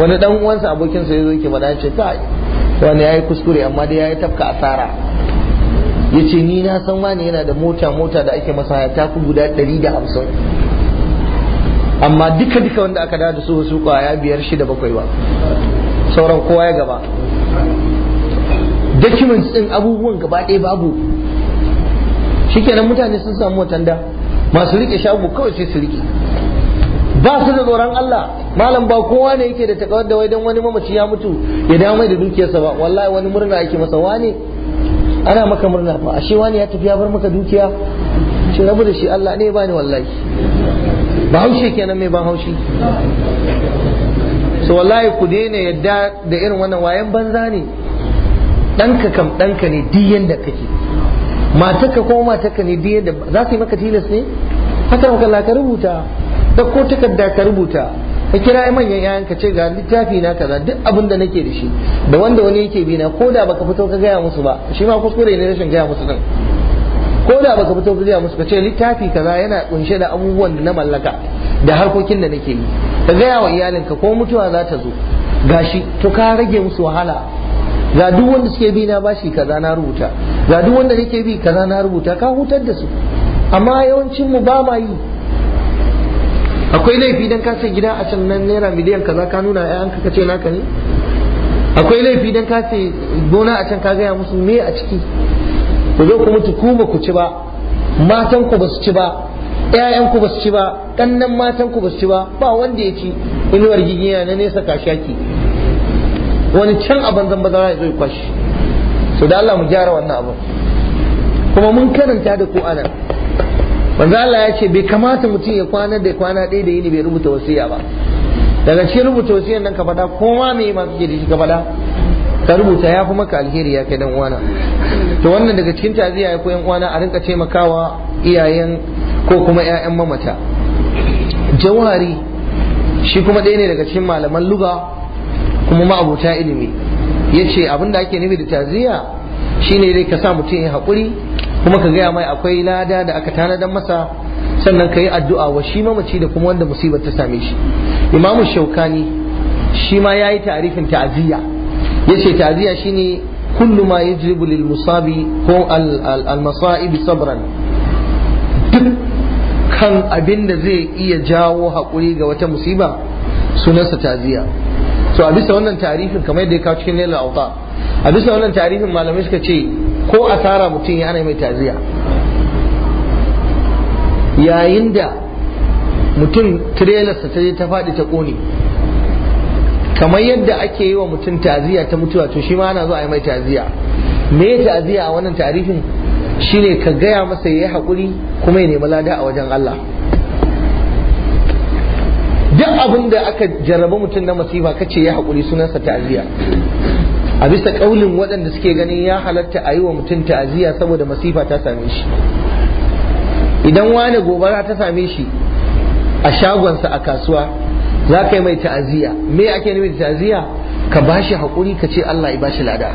A: wani ɗan uwansa abokinsa ya zo yake faɗa ce ta wani ya yi kuskure amma dai ya yi tafka asara ya ce ni na san wani yana da mota mota da ake masa ya tafi guda ɗari da hamsin amma duka duka wanda aka dawo da su su kwaya biyar shida bakwai ba sauran kowa ya gaba documents din abubuwan gaba ɗaya babu shikenan mutane sun samu watanda masu rike shago kawai sai su rike ba su da tsoron Allah malam ba kowa ne yake da takawar da wai wani mamaci ya mutu ya dawo mai da dukiyarsa ba wallahi wani murna ake masa wane ana maka murna fa ashe wani ya tafi ya bar maka dukiya ce rabu da shi Allah ne bani wallahi ba haushe kenan mai ba haushi so wallahi ku daina yadda da irin wannan wayan banza ne ɗanka kam ɗanka ne duk yanda kake mataka ko mataka ne duk yanda za su yi maka tilas ne haka maka ka rubuta da ko takarda ka rubuta ka kira manyan yayan ka ce ga littafi na kaza duk abin da nake da shi da wanda wani yake bi na koda baka fito ka gaya musu ba shi ma kuskure ne rashin gaya musu din koda baka fito ka gaya musu ka ce littafi kaza yana kunshe da abubuwan da na mallaka da harkokin da nake yi ka gaya wa iyalinka ko mutuwa za ta zo gashi to ka rage musu wahala ga duk wanda suke bi na bashi kaza na rubuta ga duk wanda yake bi kaza na rubuta ka hutar da su amma yawancin mu ba ma yi akwai laifi dan ka sai gida a can nan naira miliyan kaza ka nuna ai an ka ce naka ne akwai laifi dan ka sai gona a can ka gaya musu me a ciki ku zo ku mutu ku ba ku ci ba matan ku ba su ci ba ƴaƴan ku ba su ci ba kannan matan ku ba su ci ba ba wanda ya ci inuwar gigiya na nesa kashaki wani can a banzan bazara ya zo ya kwashi so da Allah mu gyara wannan abin. kuma mun karanta da ku anan manzo Allah ya ce bai kamata mutum ya kwana da kwana ɗaya da yini bai rubuta wasiya ba daga cikin rubuta wasiyar nan ka faɗa kuma ma me ma da shi ka faɗa ka rubuta ya fi maka alheri ya kai dan uwana to wannan daga cikin taziya ya koyan uwana a rinka taimakawa iyayen ko kuma ƴaƴan mamata jawari shi kuma ɗaya ne daga cikin malaman luga kuma ma'abuta ilimi ya ce abinda ake nufi da taziya shine dai ka sa mutum ya haƙuri kuma ka gaya mai akwai lada da aka tanadar masa sannan ka yi addu'a wa shi mamaci da kuma wanda musibar ta same shi imamu shaukani shi ma ya yi ta'arifin ta'aziyya ya ce ta'aziyya shine kullu ma yajribu lil musabi ko al masa'ib sabran duk kan abin da zai iya jawo haƙuri ga wata musiba sunansa ta'aziyya to a bisa wannan tarihin kamar yadda ya kawo cikin nailal auta a bisa wannan tarihin malamai suka ce ko asara mutum yana mai taziya yayin da mutum tirelarsa ta je ta faɗi ta kone kamar yadda ake yi wa mutum taziya ta mutuwa to shi ma ana zo a yi mai taziya me taziya a wannan tarifin shine ka gaya masa ya yi haƙuri kuma ya nemi lada a wajen Allah duk abin da aka jarraba mutum na masifa kace ya haƙuri sunansa ta'aziyya a bisa ƙaunin waɗanda suke ganin ya halatta a yi wa mutum ta'aziyya saboda masifa ta same shi idan wani gobara ta same shi
B: a shagonsa a kasuwa za ka yi mai
A: ta'aziyya me ake nufi da ta'aziyya ka ba shi haƙuri ka ce Allah ya ba shi lada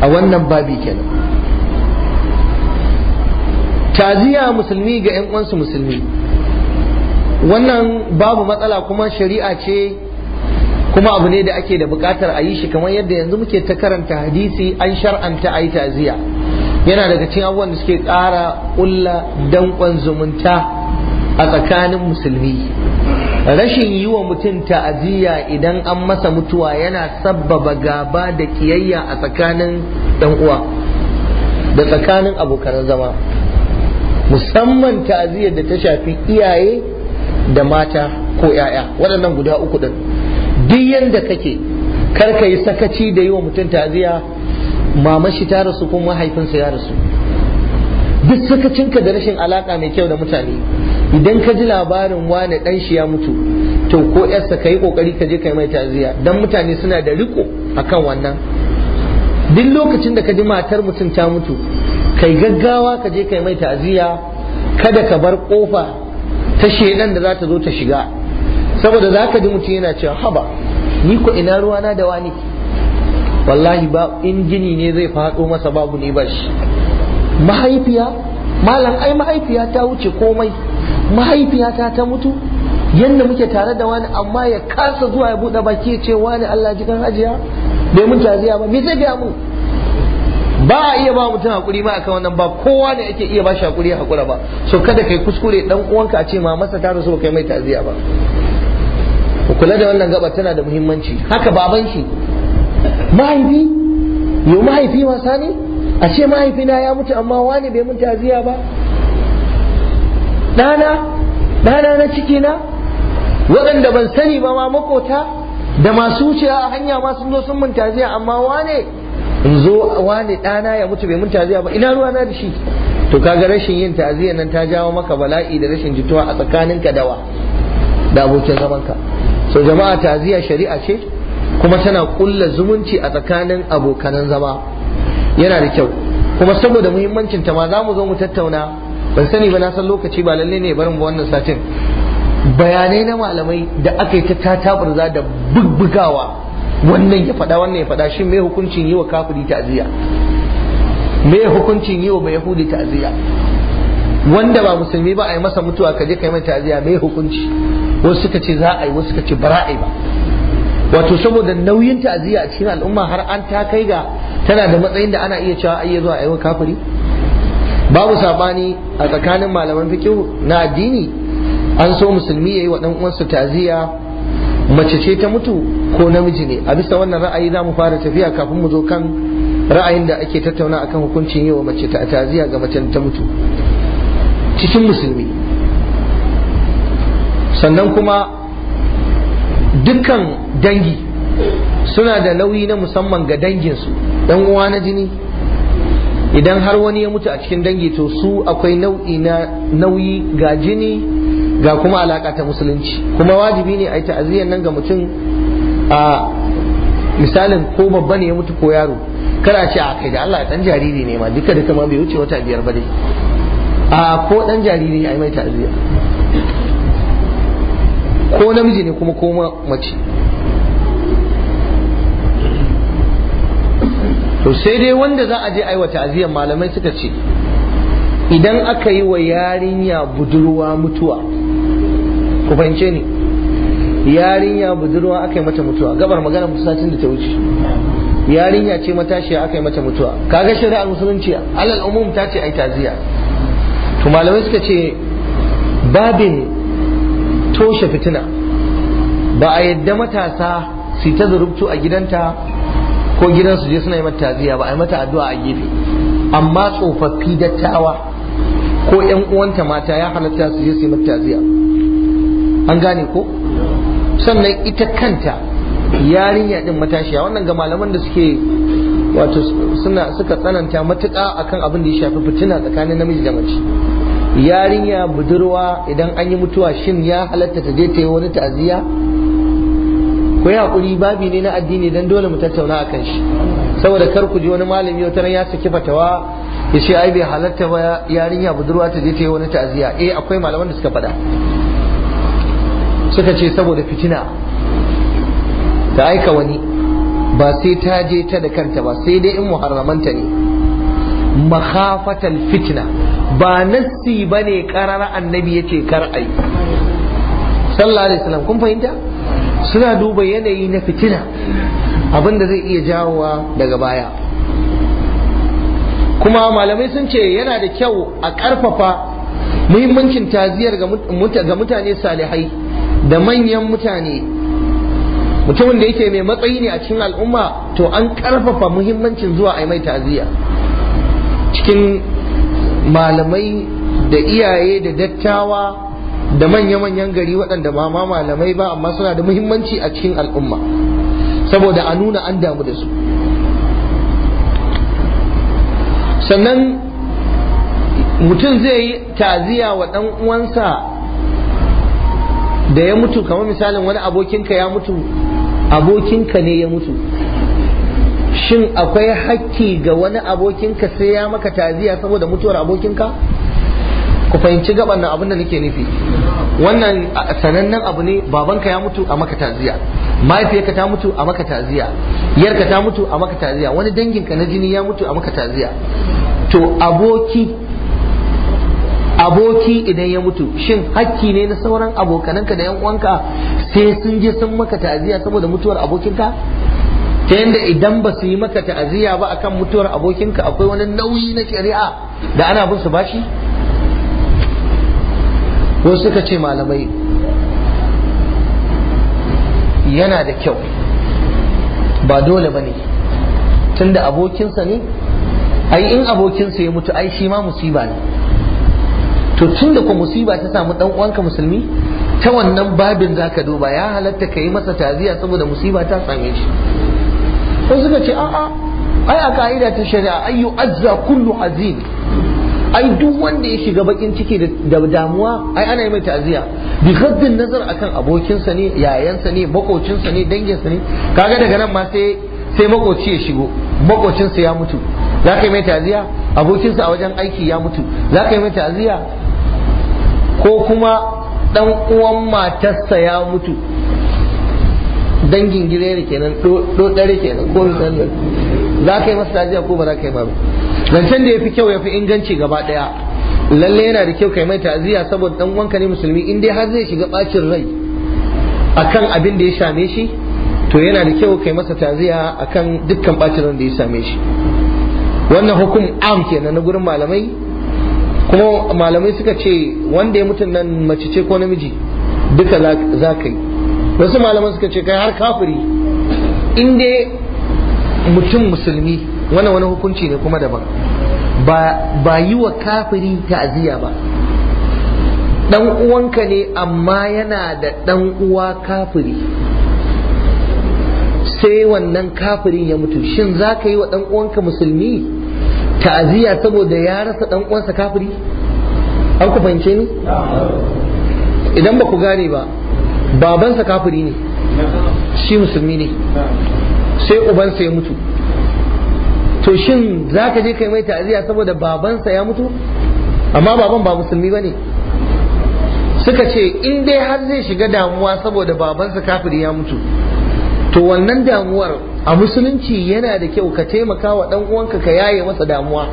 A: a wannan babi kenan ta'aziyya musulmi ga 'yan uwansu musulmi wannan babu matsala kuma shari'a ce kuma abu ne da ake da bukatar a yi shi kamar yadda yanzu muke ta karanta hadisi an shar'anta a yi taziya yana daga cikin abubuwan da suke ƙara ƙulla danƙon zumunta a tsakanin musulmi rashin yi wa mutum ta'aziyya idan an masa mutuwa yana sabbaba gaba da kiyayya a tsakanin ɗan uwa da tsakanin abokan zama musamman ta'aziyyar da ta shafi iyaye da mata ko 'ya'ya waɗannan guda uku ɗin duk yadda kake kar ka yi sakaci da yi wa mutum taziya mama shi ta rasu ko mahaifinsa ya rasu duk sakacinka da rashin alaka mai kyau da mutane idan ka ji labarin wane ɗan shi ya mutu to ko yarsa ka yi kokari ka je ka yi mai taziya don mutane suna da riko akan wannan duk lokacin da ka ji matar mutum ta mutu kai gaggawa ka je ka yi mai taziya kada ka bar ƙofa. ta shedan da za ta zo ta shiga saboda za ka ji mutum yana cewa haba ni ko ina ruwana da wani wallahi ba injini ne zai faɗo masa babu ne ba shi mahaifiya malam ai mahaifiya ta wuce komai mahaifiyata ta mutu yadda muke tare da wani amma ya kasa zuwa ya buɗe baki ya ce wani Allah ji kan hajiya bai mun taziya ba me zai gaya mu ba a iya ba mutum hakuri ma akan wannan ba kowa ne ake iya ba shi hakuri ya hakura ba so kada kai kuskure dan uwanka a ce ma masa ta rasu kai mai taziya ba ku kula da wannan gaba tana da muhimmanci haka baban shi mahaifi yau mahaifi wasa ne a ce mahaifina ya mutu amma wani bai mun taziya ba ɗana ɗana na ciki na waɗanda ban sani ba ma makota da masu wucewa a hanya ma sun zo sun mun taziya amma wane in zo wani ɗana ya mutu bai mun taziya ba ina ruwa na da shi to kaga rashin yin taziya nan ta jawo maka bala'i da rashin jituwa a tsakanin dawa da abokin zamanka so jama'a taziya shari'a ce kuma tana kulla zumunci a tsakanin abokanan zama yana da kyau kuma saboda muhimmancin ta ma za mu zo mu tattauna ban sani ba na san lokaci ba lalle ne barin wannan satin bayanai na malamai da aka yi ta tabarza da bugbugawa wannan ya faɗa wannan ya faɗa shi mai hukuncin yi wa kafiri ta'ziya mai hukuncin yi wa mai yahudi ta'ziya wanda ba musulmi ba a yi masa mutuwa ka je ka yi mai ta'ziya mai hukunci wasu suka ce za a yi wasu suka ce ba ra'ayi ba wato saboda nauyin ta'ziya a cikin al'umma har an ta kai ga tana da matsayin da ana iya cewa ai zuwa ayi kafiri babu sabani a tsakanin malaman fiqh na addini an so musulmi yayi wa dan uwansa ta'ziya mace ce ta mutu ko namiji ne a bisa wannan ra'ayi za mu fara tafiya kafin mu zo kan ra'ayin da ake tattauna akan hukuncin yi wa mace ta taziya ga mace ta mutu cikin musulmi sannan kuma dukkan dangi suna da nauyi na musamman ga danginsu dan uwa na jini idan har wani ya mutu a cikin dangi to su akwai nau'i na nauyi ga jini
B: ga kuma alaka
A: ta musulunci kuma wajibi ne a yi ta'aziyyar nan ga mutum a misalin ko babba ne ya mutu ko yaro kada ce a kai da Allah dan jariri ne ma duka duka ma bai wuce wata biyar ba dai a ko dan jariri yi mai ta'aziyya ko namiji ne kuma ko mace to sai dai wanda za a je yi wa ta'aziyyar malamai suka ce idan aka yi wa yarinya budurwa mutuwa ku fahimce ni yarinya budurwa aka yi mata mutuwa gabar magana satin da ta wuce yarinya ce matashiya aka yi mata mutuwa kaga shari'ar musulunci alal umum ta ce ai taziya to malamai suka ce babin toshe fitina ba a yadda matasa su ta zurubtu a gidanta ko gidan su je suna yi mata taziya ba a yi mata addu'a a gefe amma tsofaffi dattawa ko 'yan uwanta mata ya halatta su je su yi mata taziya an gane ko sannan ita kanta yarinya din matashiya wannan ga malaman da suke wato suna suka tsananta matuƙa akan abin da ya shafi fitina tsakanin namiji da mace yarinya budurwa idan an yi mutuwa shin ya halatta ta je ta yi wani ta'aziyya ku yi hakuri babi ne na addini dan dole mu tattauna akan shi saboda kar ku ji wani malami wata ran ya saki fatawa ya ce ai bai halatta ba yarinya budurwa ta je ta yi wani ta'aziyya eh akwai malaman da suka faɗa suka ce saboda fitina ta aika wani ba sai ta je ta da kanta ba sai dai in muharramanta ne makhafatal fitna ba nassi ne karara annabi yace kar ai sallallahu alaihi wasallam kun fahimta suna duba yanayi na fitina abinda zai iya jawowa daga baya kuma malamai sun ce yana da kyau a karfafa muhimmancin taziyar ga mutane salihai da manyan mutane mutumin da yake mai matsayi ne a cikin al'umma to an karfafa muhimmancin zuwa a mai taziya cikin malamai da iyaye da dattawa da manya-manyan gari waɗanda ba ma malamai ba amma suna da muhimmanci a cikin al'umma saboda a nuna an damu da su sannan mutum zai yi taziya wa ɗan uwansa da ya mutu kamar misalin wani abokinka ya mutu abokinka ne ya mutu shin akwai hakki ga wani abokinka sai ya maka taziya saboda mutuwar abokinka ku fahimci gaban nan abin da nake nufi wannan sanannen abu ne babanka ya mutu a maka taziya mahaifiyarka ta mutu a maka taziya yarka ta mutu a maka taziya wani danginka na jini ya mutu a maka taziya to aboki aboki idan ya mutu shin hakki ne na sauran abokananka da yan uwanka sai sun je sun maka ta'aziyya saboda mutuwar abokinka ta yadda idan ba su yi maka ta'aziyya ba akan mutuwar abokinka akwai wani nauyi na shari'a da ana bin su bashi ko suka ce malamai yana da kyau ba dole ba ne tunda abokinsa ne ai in abokinsa ya mutu ai shi ma musiba ne to tun da ku musiba ta samu dan uwanka musulmi ta wannan babin zaka duba ya halatta ka yi masa taziya saboda musiba ta same shi ko suka ce a'a ai a ka'ida ta shari'a ayu azza kullu azim ai duk wanda ya shiga bakin ciki da damuwa ai ana yi mai ta'aziya bi gaddin nazar akan abokinsa ne yayansa ne makocinsa ne danginsa ne kaga daga nan ma sai sai makoci ya shigo makocinsa ya mutu za ka yi mai taziya abokinsa a wajen aiki ya mutu za ka yi mai taziya ko kuma dan uwan matarsa ya mutu dangin da kenan dodare kenan ko misalin za ka yi masa taziya ko ba za ka yi ba zancen da ya fi kyau ya fi inganci gaba daya lalle yana da kyau ka yi mai taziya saboda dan uwanka ne musulmi in dai har zai shiga bacin rai akan abin da ya same shi to yana da kyau kai masa taziya akan dukkan bacin ran da ya same shi wannan hukum am kenan na gurin malamai kuma malamai suka ce wanda ya mutun nan mace ce ko namiji duka za ka yi wasu malamai suka ce kai har kafiri in dai mutum musulmi wannan wani hukunci ne kuma daban ba yi wa kafiri ta'aziyya ba dan uwanka ne amma yana da dan uwa kafiri sai wannan kafirin ya mutu shin za ka yi wa ɗan uwanka musulmi ta'aziyya saboda ya rasa ɗan uwansa kafiri an ku fahimce ni idan ba ku gane ba babansa kafiri ne shi musulmi ne sai ubansa ya mutu to shin za ka je kai mai ta'aziyya saboda babansa ya mutu amma baban ba musulmi ba ne suka ce in dai har zai shiga damuwa saboda babansa kafiri ya mutu to wannan damuwar a musulunci yana da kyau ka taimaka wa dan uwanka ka yaye masa damuwa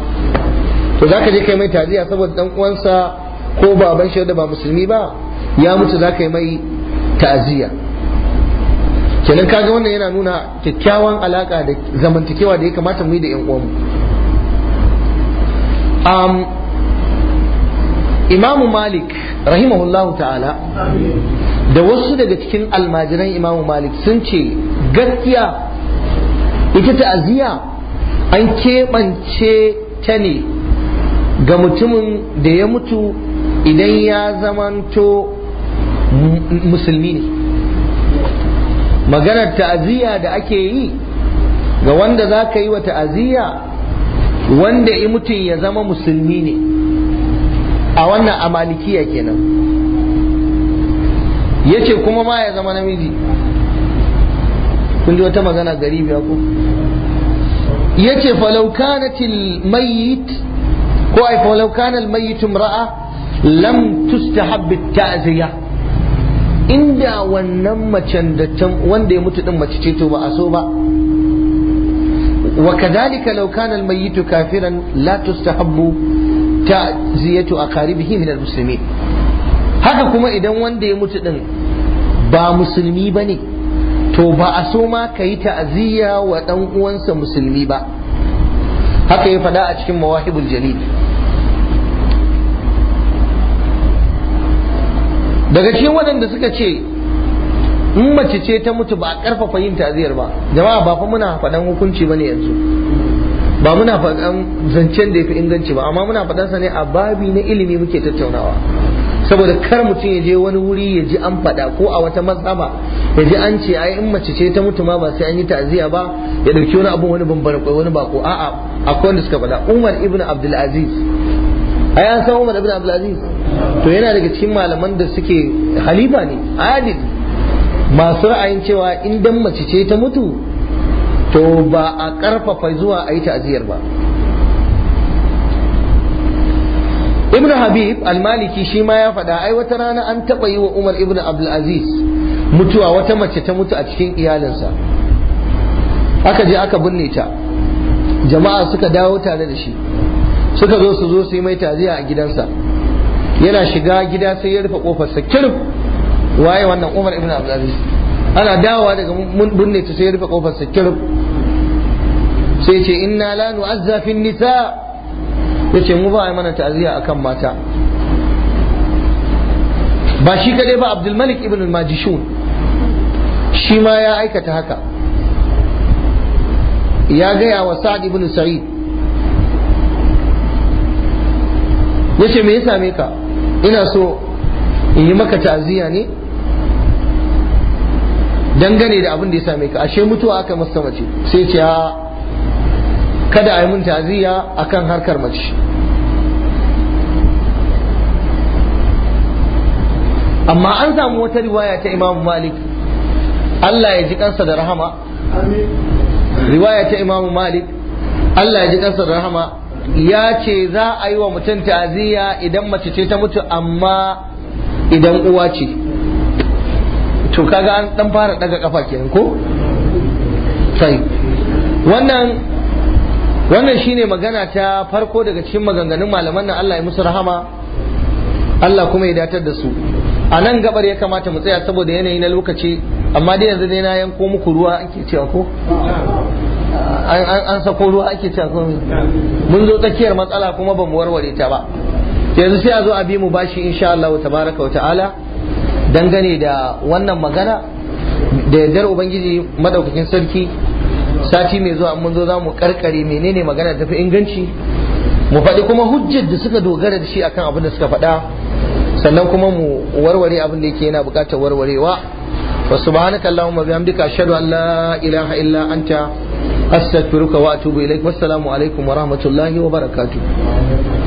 A: to zaka je kai mai taziya saboda dan uwansa ko baban shi da ba musulmi ba ya mutu zaka yi mai taziya kenan kaga wannan yana nuna kyakkyawan alaka da zamantakewa da ya kamata mu yi da yan uwanmu um, Imam malik rahimahullahu ta'ala da wasu daga cikin almajiran imamu malik sun ce gaskiya ita ta'aziyya an keɓance ta ne ga mutumin da ya mutu idan ya zamanto musulmi ne maganar ta'aziyya da ake yi ga wanda za ka yi wa ta'aziyya wanda mutum ya zama musulmi ne a wannan amalikiya kenan
B: yace kuma ma
A: ya zama namiji kun ji wata magana garibi ko yace falau kanatil mayyit ko ai falau kana al lam tustahab ta'ziya inda wannan macen da wanda ya mutu din mace ce to ba a so ba وكذلك لو كان الميت كافرا لا تستحب تعزية أقاربه من المسلمين haka kuma idan wanda ya mutu din ba musulmi ba ne to ba a so ma ka yi ta'aziyya wa ɗan uwansa musulmi ba haka ya faɗa a cikin mawahibul jalil daga cikin waɗanda suka ce in mace ce ta mutu ba a ƙarfafa yin ta'aziyar ba jama'a ba fa muna faɗan hukunci ba ne yanzu ba muna faɗan zancen da ya fi inganci ba amma muna faɗansa ne a babi na ilimi muke tattaunawa saboda kar mutum ya je wani wuri ya ji an faɗa ko a wata mazhaba ya ji an ce ai in mace ce ta mutu ma ba sai an yi ta'aziyya ba ya dauki wani abun wani bambara ko wani bako a'a akwai wanda suka faɗa Umar ibn Abdul Aziz ai an san Umar ibn Abdul Aziz to yana daga cikin malaman da suke halifa ne adil masu ra'ayin cewa in dan mace ce ta mutu to ba a karfafa zuwa a yi ta'aziyar ba ibn habib almaliki shi ma ya faɗa ai wata rana an taɓa yi wa umar ibn abdulaziz mutuwa wata mace ta mutu a cikin iyalinsa aka je aka binne ta jama'a suka dawo tare da shi suka zo su zo su yi mai taziya a gidansa yana shiga gida sai ya rufe kofarsa kirf waye wannan umar ibn abdulaziz ana dawowa daga mun binne ta sai ya rufe kofarsa kirf sai ce inna la nu'azza fin nisa' yace mu ba a mana ta'aziyya kan mata ba shi kadai ba abdulmalik ibn al-majishun shi ma ya aikata haka ya gaya wa sa'ad ibn sa'id yace me ya same ka ina so in yi maka ta'aziyya ne dangane da abin da ya same ka ashe mutuwa aka masa mace sai ce a kada a yi mun taziya akan harkar mace amma an samu wata riwaya ta imamu malik Allah ya ji kansa da rahama riwaya ta imamu malik Allah ya ji kansa da rahama ya ce za a yi wa mutum ta'aziyya idan mace ce ta mutu amma idan uwa ce to kaga an dan fara daga kafa kenan ko sai wannan wannan shine magana ta farko daga cikin maganganun malaman nan Allah ya musu rahama Allah kuma ya datar da su a nan gabar ya kamata mu tsaya saboda yanayi na lokaci amma dai yanzu dai na yanko muku ruwa ake cewa ko an sako ruwa ake cewa ko mun zo tsakiyar matsala kuma ba mu warware ta ba yanzu sai a zo a bi mu bashi insha Allah tabaraka wa ta'ala dangane da wannan magana da yardar ubangiji madaukakin sarki sati mai zuwa mun zo za mu karkare menene magana tafi inganci mu faɗi kuma hujjar da suka dogara da shi akan abin da suka faɗa sannan kuma mu warware abin da yake yana buƙatar warwarewa wa subhanaka allahumma bihamdika ashhadu an la ilaha illa anta astaghfiruka wa atubu ilaik wassalamu alaikum wa rahmatullahi wa barakatuh